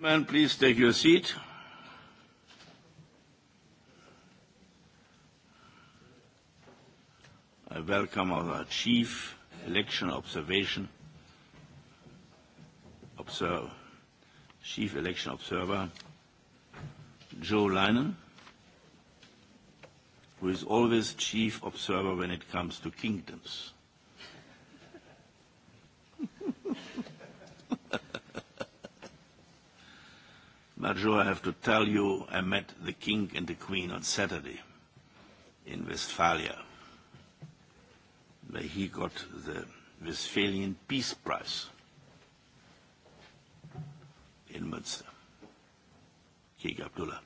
Gentlemen, please take your seat. I welcome our chief election observation observer, chief election observer, Joe Leinen, who is always chief observer when it comes to kingdoms. not I have to tell you, I met the king and the queen on Saturday in Westphalia, where he got the Westphalian Peace Prize in Münster, King Abdullah.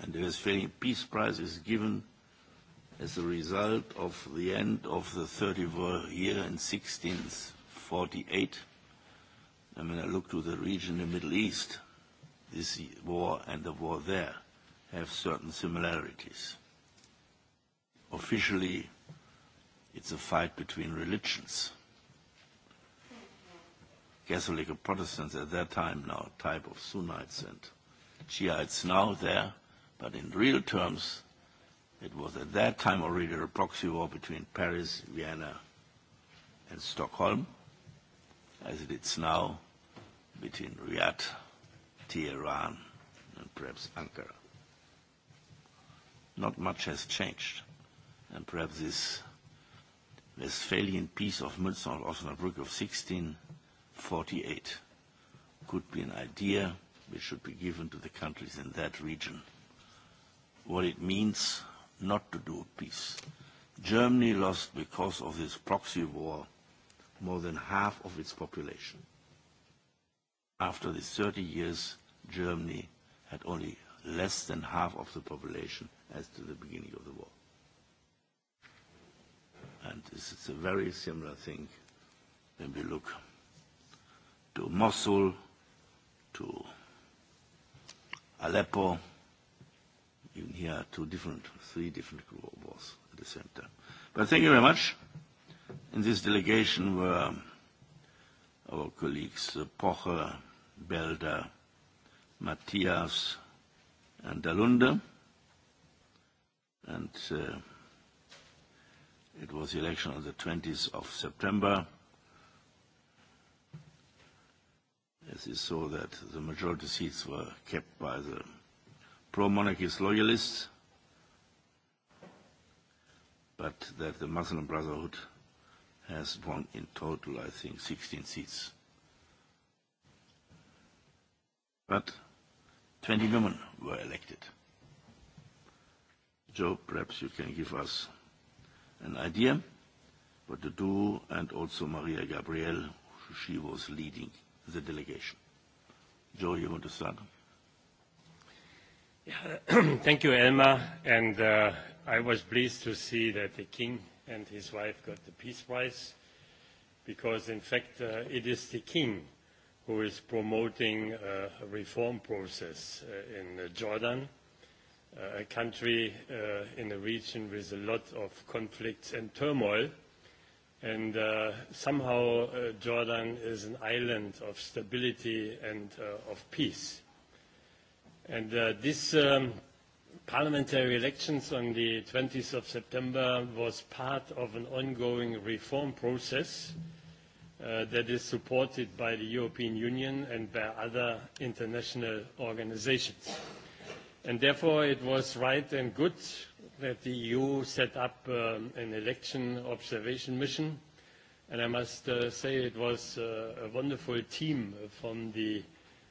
And the Westphalian Peace Prize is given as a result of the end of the Thirty War year in 1648. And when I look to the region, in the Middle East, this war and the war there have certain similarities. Officially, it's a fight between religions. Catholic and Protestants at that time now, type of Sunnites and Shiites now there, but in real terms, it was at that time already a proxy war between Paris, Vienna, and Stockholm, as it is now between Riyadh Tehran and perhaps Ankara. Not much has changed, and perhaps this Westphalian peace of Münster and Osnabrück of 1648 could be an idea which should be given to the countries in that region, what it means not to do peace. Germany lost because of this proxy war more than half of its population after the 30 years, Germany had only less than half of the population as to the beginning of the war. And this is a very similar thing when we look to Mosul, to Aleppo, even here two different, three different wars at the same time. But thank you very much. In this delegation were our colleagues uh, Pocher, Belda, Matthias and Dalunda. And uh, it was the election on the 20th of September. As you saw that the majority seats were kept by the pro-monarchist loyalists, but that the Muslim Brotherhood has won in total, I think, 16 seats. But 20 women were elected. Joe, perhaps you can give us an idea what to do, and also Maria Gabriel, she was leading the delegation. Joe, you want to start? Yeah, thank you, Elma, and uh, I was pleased to see that the king and his wife got the Peace Prize, because in fact uh, it is the king who is promoting uh, a reform process uh, in uh, Jordan, a country uh, in a region with a lot of conflicts and turmoil. And uh, somehow uh, Jordan is an island of stability and uh, of peace. And uh, this um, parliamentary elections on the 20th of September was part of an ongoing reform process. Mm -hmm uh, that is supported by the European Union and by other international organizations. And therefore it was right and good that the EU set up um, an election observation mission. And I must uh, say it was uh, a wonderful team from the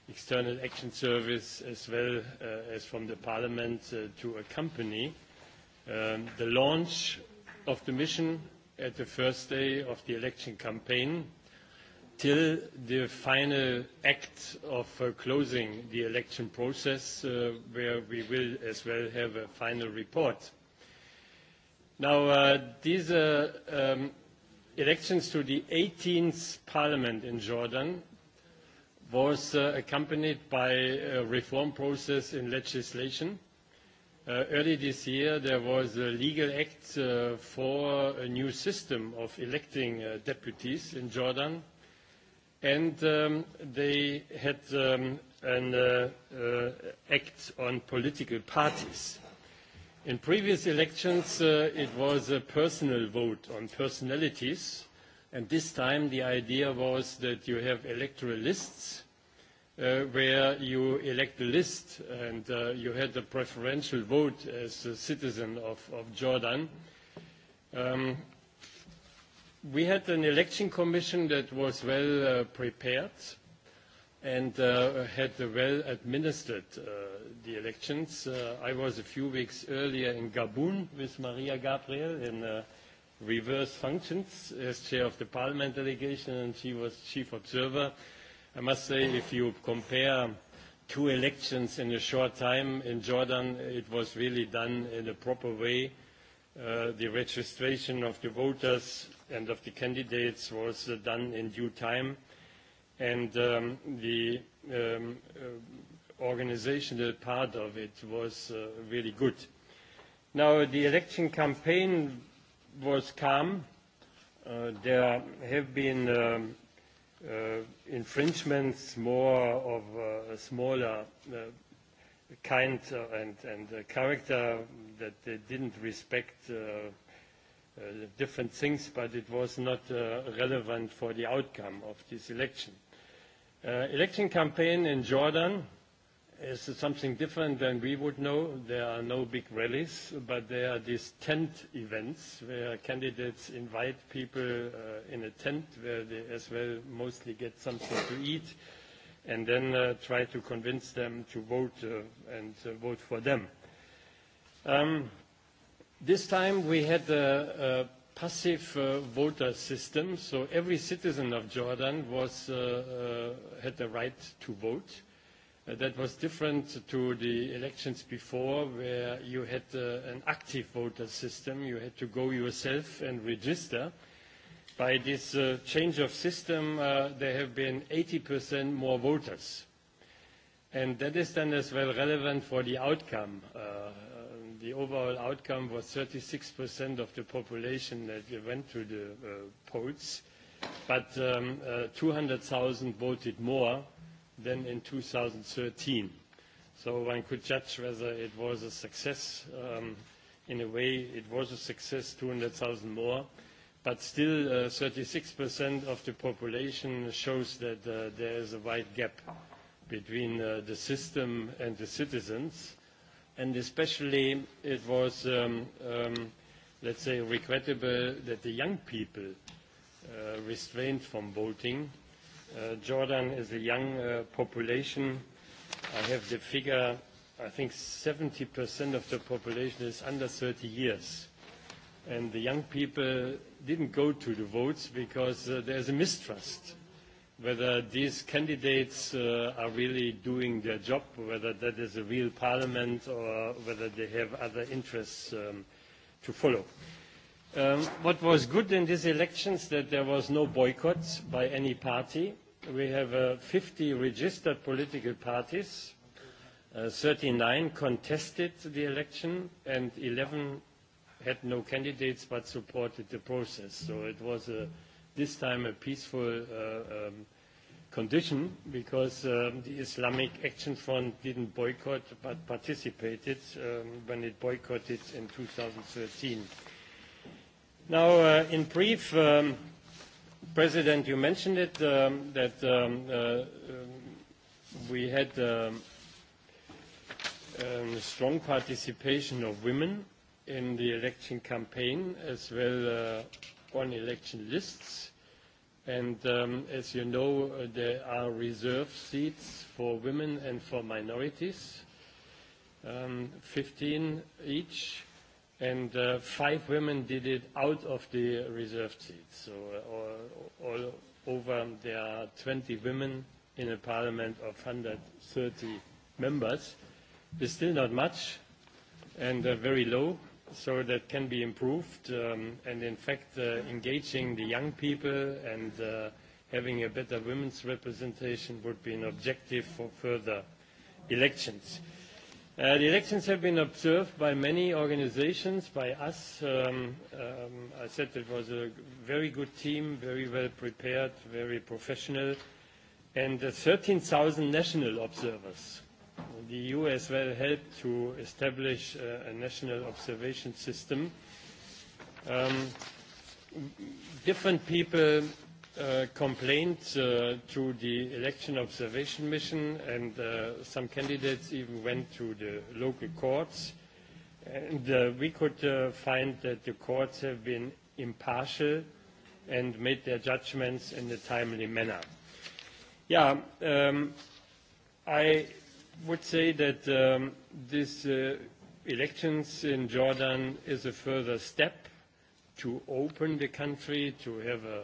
External Action Service as well uh, as from the Parliament uh, to accompany um, the launch of the mission at the first day of the election campaign till the final act of uh, closing the election process uh, where we will as well have a final report. Now, uh, these uh, um, elections to the 18th parliament in Jordan was uh, accompanied by a reform process in legislation Uh, early this year, there was a legal act uh, for a new system of electing uh, deputies in Jordan, and um, they had um, an uh, uh, act on political parties. In previous elections, uh, it was a personal vote on personalities, and this time the idea was that you have electoral lists uh, where you elect a list and uh, you had a preferential vote as a citizen of, of Jordan. Um, we had an election commission that was well uh, prepared and uh, had well administered uh, the elections. Uh, I was a few weeks earlier in Gabun with Maria Gabriel in uh, reverse functions as chair of the parliament delegation and she was chief observer. I must say, if you compare two elections in a short time in Jordan, it was really done in a proper way. Uh, the registration of the voters and of the candidates was uh, done in due time. And um, the um, uh, organizational part of it was uh, really good. Now, the election campaign was calm. Uh, there have been um, uh, infringements more of uh, a smaller uh, kind uh, and, and uh, character that they didn't respect uh, uh, different things, but it was not uh, relevant for the outcome of this election. Uh, election campaign in Jordan is something different than we would know. There are no big rallies, but there are these tent events where candidates invite people uh, in a tent where they as well mostly get something to eat and then uh, try to convince them to vote uh, and uh, vote for them. Um, this time we had a, a passive uh, voter system, so every citizen of Jordan was, uh, uh, had the right to vote Uh, that was different to the elections before where you had uh, an active voter system. You had to go yourself and register. By this uh, change of system, uh, there have been 80% more voters. And that is then as well relevant for the outcome. Uh, uh the overall outcome was 36% of the population that went to the uh, polls, but um, uh, 200,000 voted more than in 2013. So one could judge whether it was a success. Um, in a way, it was a success, 200,000 more. But still, uh, 36% of the population shows that uh, there is a wide gap between uh, the system and the citizens. And especially it was, um, um, let's say, regrettable that the young people uh, restrained from voting Uh, Jordan is a young uh, population. I have the figure, I think 70% of the population is under 30 years. And the young people didn't go to the votes because uh, there's a mistrust whether these candidates uh, are really doing their job, whether that is a real parliament or whether they have other interests um, to follow. Um, what was good in these elections that there was no boycotts by any party. We have uh, 50 registered political parties. Uh, 39 contested the election and 11 had no candidates but supported the process. So it was a, uh, this time a peaceful uh, um, condition because um, the Islamic Action Front didn't boycott but participated um, when it boycotted in 2013. Now, uh, in brief, um, President, you mentioned it, um, that um, uh, um, we had um, um, strong participation of women in the election campaign as well uh, on election lists. And um, as you know, uh, there are reserve seats for women and for minorities, um, 15 each and uh, five women did it out of the reserved seats. So uh, all, all over there are 20 women in a parliament of 130 members. It's still not much and uh, very low, so that can be improved. Um, and in fact, uh, engaging the young people and uh, having a better women's representation would be an objective for further elections. Mm -hmm. Uh, the elections have been observed by many organizations, by us. Um, um, I said it was a very good team, very well prepared, very professional, and uh, 13,000 national observers. The EU as well helped to establish uh, a national observation system. Um, different people uh, uh, to the election observation mission and uh, some candidates even went to the local courts. And uh, we could uh, find that the courts have been impartial and made their judgments in a timely manner. Yeah, um, I would say that um, this uh, elections in Jordan is a further step to open the country, to have a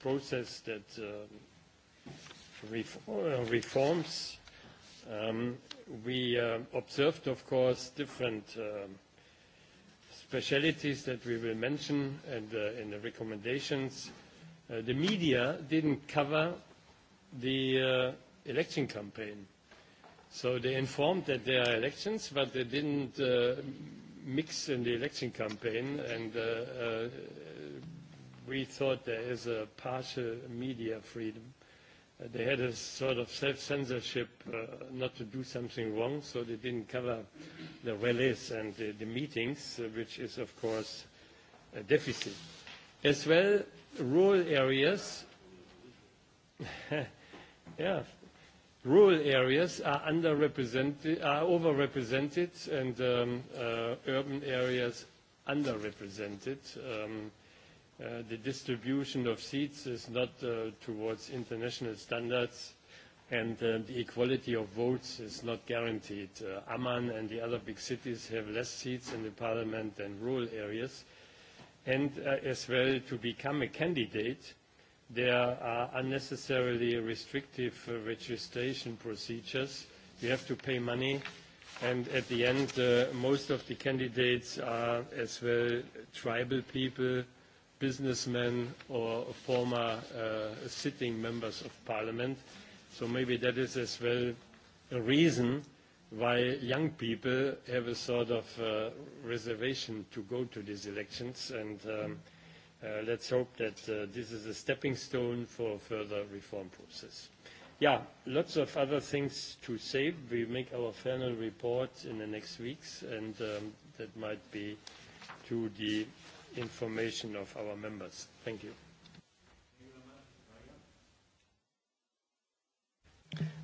process that uh um, reform, uh, reforms. Um, we uh, observed, of course, different uh, specialities that we will mention and, uh, in the recommendations. Uh, the media didn't cover the uh, election campaign. So they informed that there are elections, but they didn't uh, mix in the election campaign and uh, uh, we thought there is a partial media freedom. Uh, they had a sort of self-censorship uh, not to do something wrong, so they didn't cover the rallies and the, the meetings, uh, which is, of course, a deficit. As well, rural areas, yeah, rural areas are underrepresented, are overrepresented, and um, uh, urban areas underrepresented. Um, Uh, the distribution of seats is not uh, towards international standards and uh, the equality of votes is not guaranteed. Uh, Amman and the other big cities have less seats in the parliament than rural areas. And uh, as well, to become a candidate, there are unnecessarily restrictive uh, registration procedures. You have to pay money And at the end, uh, most of the candidates are as well tribal people businessmen or former uh, sitting members of parliament. So maybe that is as well a reason why young people have a sort of uh, reservation to go to these elections. And um, uh, let's hope that uh, this is a stepping stone for a further reform process. Yeah, lots of other things to say. We make our final report in the next weeks, and um, that might be to the information of our members. Thank you.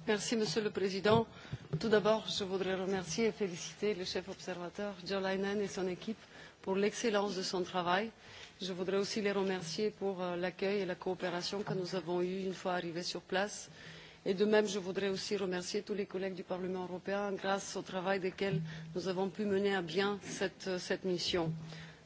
Merci, Monsieur le Président. Tout d'abord, je voudrais remercier et féliciter le chef observateur Joe Leinen et son équipe pour l'excellence de son travail. Je voudrais aussi les remercier pour euh, l'accueil et la coopération que nous avons eue une fois arrivés sur place. Et de même, je voudrais aussi remercier tous les collègues du Parlement européen grâce au travail desquels nous avons pu mener à bien cette, euh, cette mission.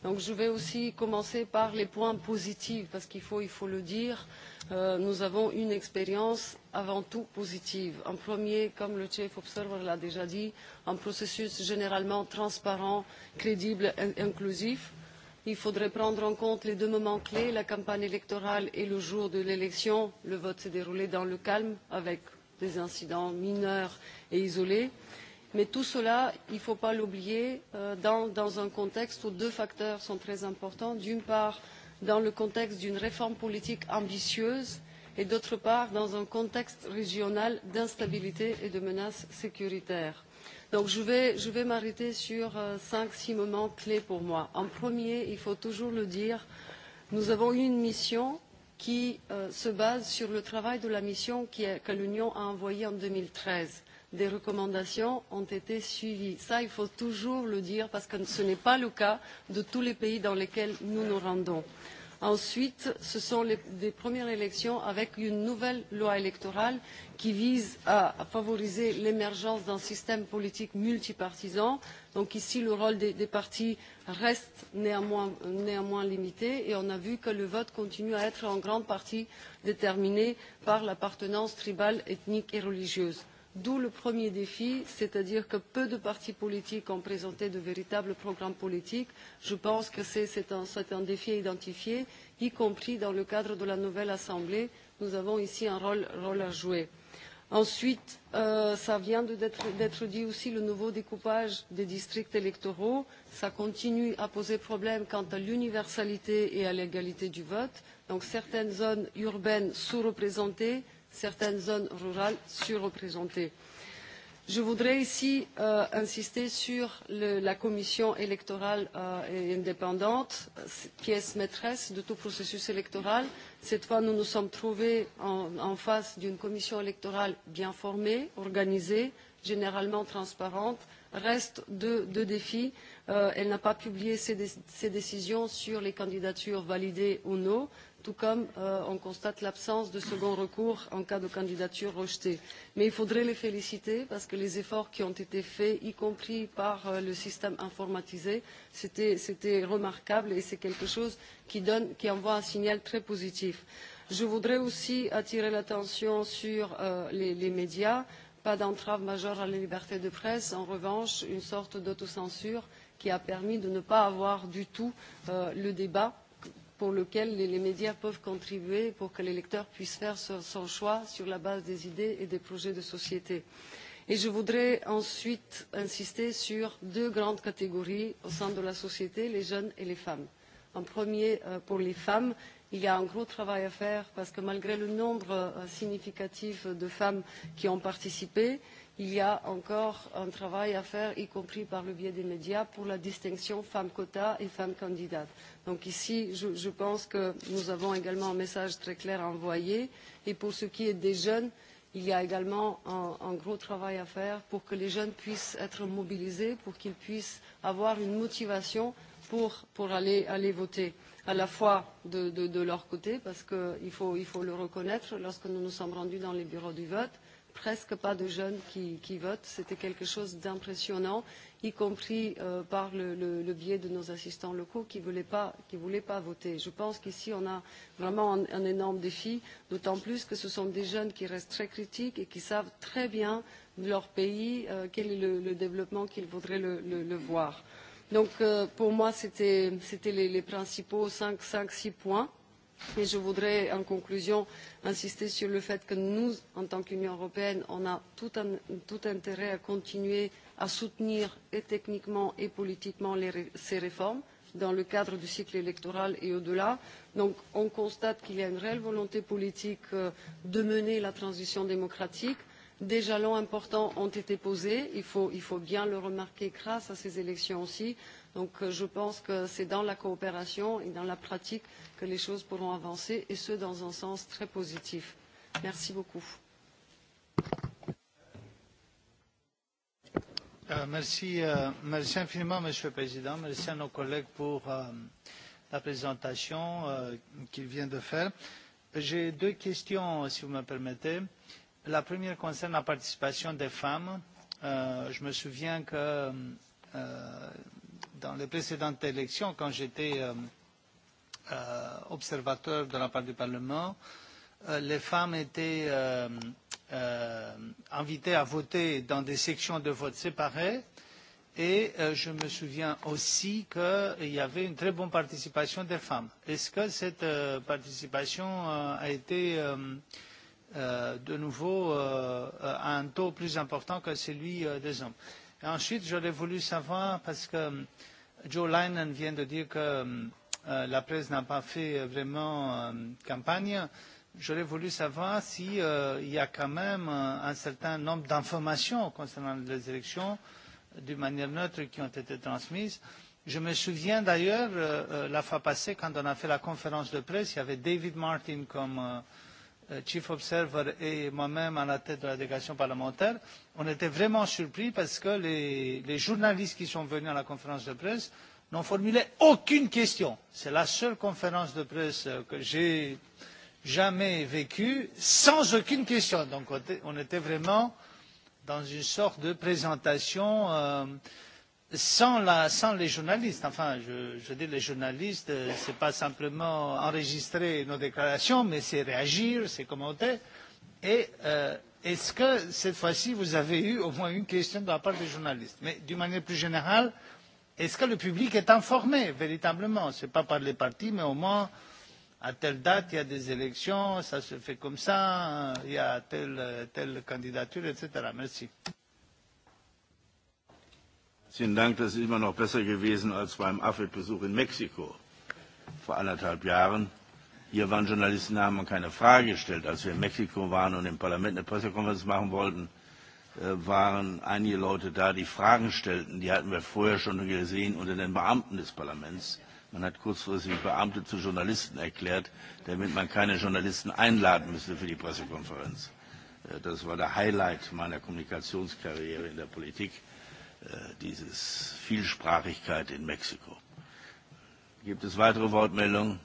Donc je vais aussi commencer par les points positifs, parce qu'il faut, il faut le dire, euh, nous avons une expérience avant tout positive. En premier, comme le Chief Observer l'a déjà dit, un processus généralement transparent, crédible et inclusif. Il faudrait prendre en compte les deux moments clés, la campagne électorale et le jour de l'élection. Le vote s'est déroulé dans le calme, avec des incidents mineurs et isolés. Mais tout cela, il ne faut pas l'oublier euh, dans, dans un contexte où deux facteurs sont très importants. D'une part, dans le contexte d'une réforme politique ambitieuse et d'autre part, dans un contexte régional d'instabilité et de menaces sécuritaires. Donc je vais, je vais m'arrêter sur euh, cinq, six moments clés pour moi. En premier, il faut toujours le dire, nous avons eu une mission qui euh, se base sur le travail de la mission qui, que l'Union a envoyée en 2013 des recommandations ont été suivies. Ça, il faut toujours le dire parce que ce n'est pas le cas de tous les pays dans lesquels nous nous rendons. Ensuite, ce sont les, des premières élections avec une nouvelle loi électorale qui vise à, à favoriser l'émergence d'un système politique multipartisan. Donc ici, le rôle des, des partis reste néanmoins, néanmoins limité et on a vu que le vote continue à être en grande partie déterminé par l'appartenance tribale, ethnique et religieuse. D'où le premier défi, c'est-à-dire que peu de partis politiques ont présenté de véritables programmes politiques. Je pense que c'est un, un défi identifié, y compris dans le cadre de la nouvelle Assemblée. Nous avons ici un rôle, rôle à jouer. Ensuite, euh, ça vient d'être dit aussi le nouveau découpage des districts électoraux. Ça continue à poser problème quant à l'universalité et à l'égalité du vote. Donc certaines zones urbaines sous-représentées, certaines zones rurales surreprésentées. Je voudrais ici euh, insister sur le, la commission électorale euh, indépendante, pièce maîtresse de tout processus électoral. Cette fois, nous nous sommes trouvés en, en face d'une commission électorale bien formée, organisée, généralement transparente. Reste deux, de défis. Euh, elle n'a pas publié ses, dé ses décisions sur les candidatures validées ou non tout comme euh, on constate l'absence de second recours en cas de candidature rejetée. Mais il faudrait les féliciter parce que les efforts qui ont été faits, y compris par euh, le système informatisé, c'était remarquable et c'est quelque chose qui, donne, qui envoie un signal très positif. Je voudrais aussi attirer l'attention sur euh, les, les médias. Pas d'entrave majeure à la liberté de presse, en revanche, une sorte d'autocensure qui a permis de ne pas avoir du tout euh, le débat pour lequel les, médias peuvent contribuer pour que l'électeur puisse faire son, son choix sur la base des idées et des projets de société. Et je voudrais ensuite insister sur deux grandes catégories au sein de la société, les jeunes et les femmes. En premier, euh, pour les femmes, il y a un gros travail à faire parce que malgré le nombre euh, significatif de femmes qui ont participé, euh, il y a encore un travail à faire, y compris par le biais des médias, pour la distinction femmes-quotas et femmes-candidates. Donc ici, je, je pense que nous avons également un message très clair à envoyer. Et pour ce qui est des jeunes, il y a également un, un gros travail à faire pour que les jeunes puissent être mobilisés, pour qu'ils puissent avoir une motivation pour, pour aller, aller voter à la fois de, de, de leur côté, parce qu'il faut, il faut le reconnaître, lorsque nous nous sommes rendus dans les bureaux du vote, presque pas de jeunes qui, qui votent. C'était quelque chose d'impressionnant, y compris euh, par le, le, le biais de nos assistants locaux qui ne voulaient, pas, voulaient pas voter. Je pense qu'ici, on a vraiment un, un énorme défi, d'autant plus que ce sont des jeunes qui restent très critiques et qui savent très bien de leur pays euh, quel est le, le développement qu'ils voudraient le, le, le voir. Donc, euh, pour moi, c'était les, les principaux 5-6 points. Et je voudrais, en conclusion, insister sur le fait que nous, en tant qu'Union européenne, on a tout, un, tout intérêt à continuer à soutenir et techniquement et politiquement les, ces réformes dans le cadre du cycle électoral et au-delà. Donc on constate qu'il y a une réelle volonté politique euh, de mener la transition démocratique. Des jalons importants ont été posés, il faut, il faut bien le remarquer grâce à ces élections aussi. Donc euh, je pense que c'est dans la coopération et dans la pratique que les choses pourront avancer, et ce dans un sens très positif. Merci beaucoup. Euh, merci, euh, merci infiniment, Monsieur le Président. Merci à nos collègues pour euh, la présentation euh, vient de faire. J'ai deux questions, si vous me permettez. La première concerne la participation des femmes. Euh, je me souviens que euh, dans les précédentes élections, quand j'étais euh, euh, observateur de la part du Parlement, euh, les femmes étaient euh, euh, invitées à voter dans des sections de vote séparées. Et euh, je me souviens aussi qu'il y avait une très bonne participation des femmes. Est-ce que cette euh, participation euh, a été euh, euh, de nouveau euh, euh à un taux plus important que celui euh, des hommes Et ensuite, j'aurais voulu savoir, parce que um, Joe Linen vient de dire que um, euh, la presse n'a pas fait vraiment euh, campagne, j'aurais voulu savoir s'il si, euh, y a quand même euh, un certain nombre d'informations concernant les élections d'une manière neutre qui ont été transmises. Je me souviens d'ailleurs, euh, euh la fois passée, quand on a fait la conférence de presse, il y avait David Martin comme euh, Euh, chief observer et moi-même à la tête de la délégation parlementaire, on était vraiment surpris parce que les, les journalistes qui sont venus à la conférence de presse n'ont formulé aucune question. C'est la seule conférence de presse euh, que j'ai jamais vécue sans aucune question. Donc on était vraiment dans une sorte de présentation euh, sans, la, sans les journalistes, enfin, je, je dis les journalistes, euh, c'est pas simplement enregistrer nos déclarations, mais c'est réagir, c'est commenter. Et euh, est-ce que cette fois-ci, vous avez eu au moins une question de la part des journalistes Mais d'une manière plus générale, est-ce que le public est informé véritablement Ce n'est pas par les partis, mais au moins, à telle date, il y a des élections, ça se fait comme ça, il y a telle, telle candidature, etc. Merci. Vielen Dank, das ist immer noch besser gewesen als beim AFID-Besuch in Mexiko vor anderthalb Jahren. Hier waren Journalisten, da haben wir keine Frage gestellt. Als wir in Mexiko waren und im Parlament eine Pressekonferenz machen wollten, äh, waren einige Leute da, die Fragen stellten. Die hatten wir vorher schon gesehen unter den Beamten des Parlaments. Man hat kurzfristig Beamte zu Journalisten erklärt, damit man keine Journalisten einladen müsste für die Pressekonferenz. Äh, das war der Highlight meiner Kommunikationskarriere in der Politik. Äh, dieses Vielsprachigkeit in Mexiko. Gibt es weitere Wortmeldungen?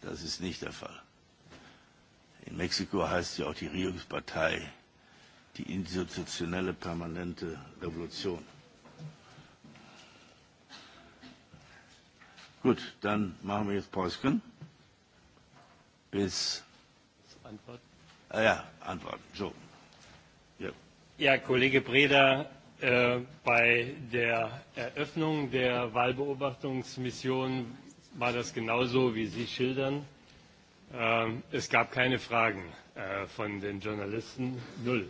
Das ist nicht der Fall. In Mexiko heißt ja auch die Regierungspartei die institutionelle permanente Revolution. Gut, dann machen wir jetzt Päuschen. Bis. Antwort? Ah ja, Antworten. Joe. Ja, Kollege Breda, äh, bei der Eröffnung der Wahlbeobachtungsmission war das genauso, wie Sie schildern. Äh, es gab keine Fragen äh, von den Journalisten, null.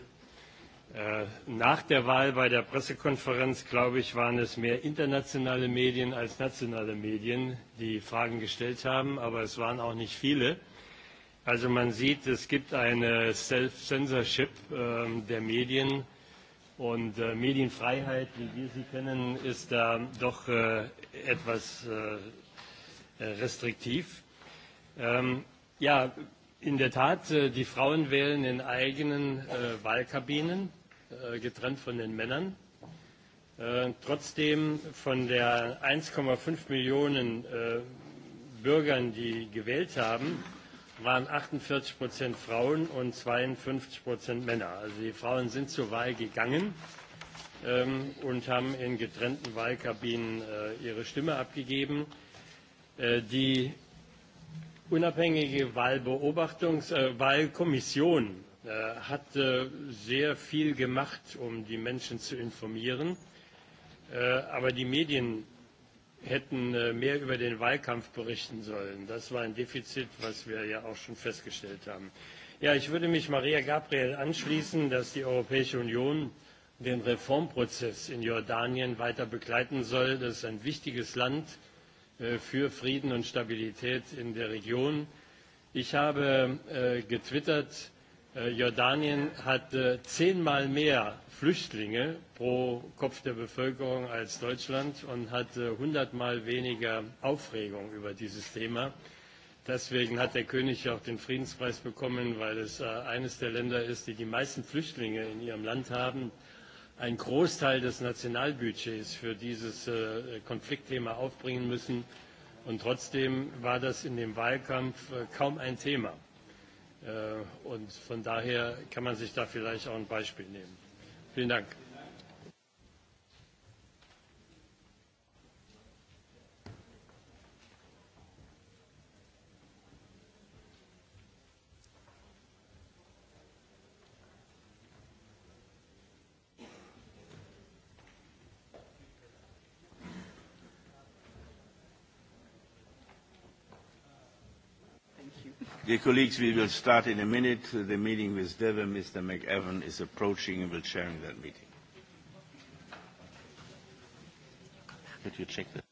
Äh, nach der Wahl bei der Pressekonferenz, glaube ich, waren es mehr internationale Medien als nationale Medien, die Fragen gestellt haben, aber es waren auch nicht viele. Also man sieht, es gibt eine Self-Censorship äh, der Medien und äh, Medienfreiheit, wie wir sie kennen, ist da doch äh, etwas äh, äh, restriktiv. Ähm, ja, in der Tat, äh, die Frauen wählen in eigenen äh, Wahlkabinen, äh, getrennt von den Männern. Äh, trotzdem von der 1,5 Millionen äh, Bürgern, die gewählt haben, waren 48 Prozent Frauen und 52 Prozent Männer. Also die Frauen sind zur Wahl gegangen ähm, und haben in getrennten Wahlkabinen äh, ihre Stimme abgegeben. Äh, die unabhängige Wahlbeobachtungs äh, Wahlkommission äh, hat äh, sehr viel gemacht, um die Menschen zu informieren. Äh, aber die Medien hätten äh, mehr über den Wahlkampf berichten sollen. Das war ein Defizit, was wir ja auch schon festgestellt haben. Ja, ich würde mich Maria Gabriel anschließen, dass die Europäische Union den Reformprozess in Jordanien weiter begleiten soll. Das ist ein wichtiges Land äh, für Frieden und Stabilität in der Region. Ich habe äh, getwittert, Äh, Jordanien hat äh, zehnmal mehr Flüchtlinge pro Kopf der Bevölkerung als Deutschland und hat äh, hundertmal weniger Aufregung über dieses Thema. Deswegen hat der König auch den Friedenspreis bekommen, weil es eines der Länder ist, die die meisten Flüchtlinge in ihrem Land haben. Ein Großteil des Nationalbudgets für dieses Konfliktthema aufbringen müssen. Und trotzdem war das in dem Wahlkampf kaum ein Thema. Äh, und von daher kann man sich da vielleicht auch ein Beispiel nehmen. Vielen Dank. Dear colleagues, we will start in a minute. The meeting with Devon, Mr. McEvan, is approaching and will chair that meeting. Could you check that?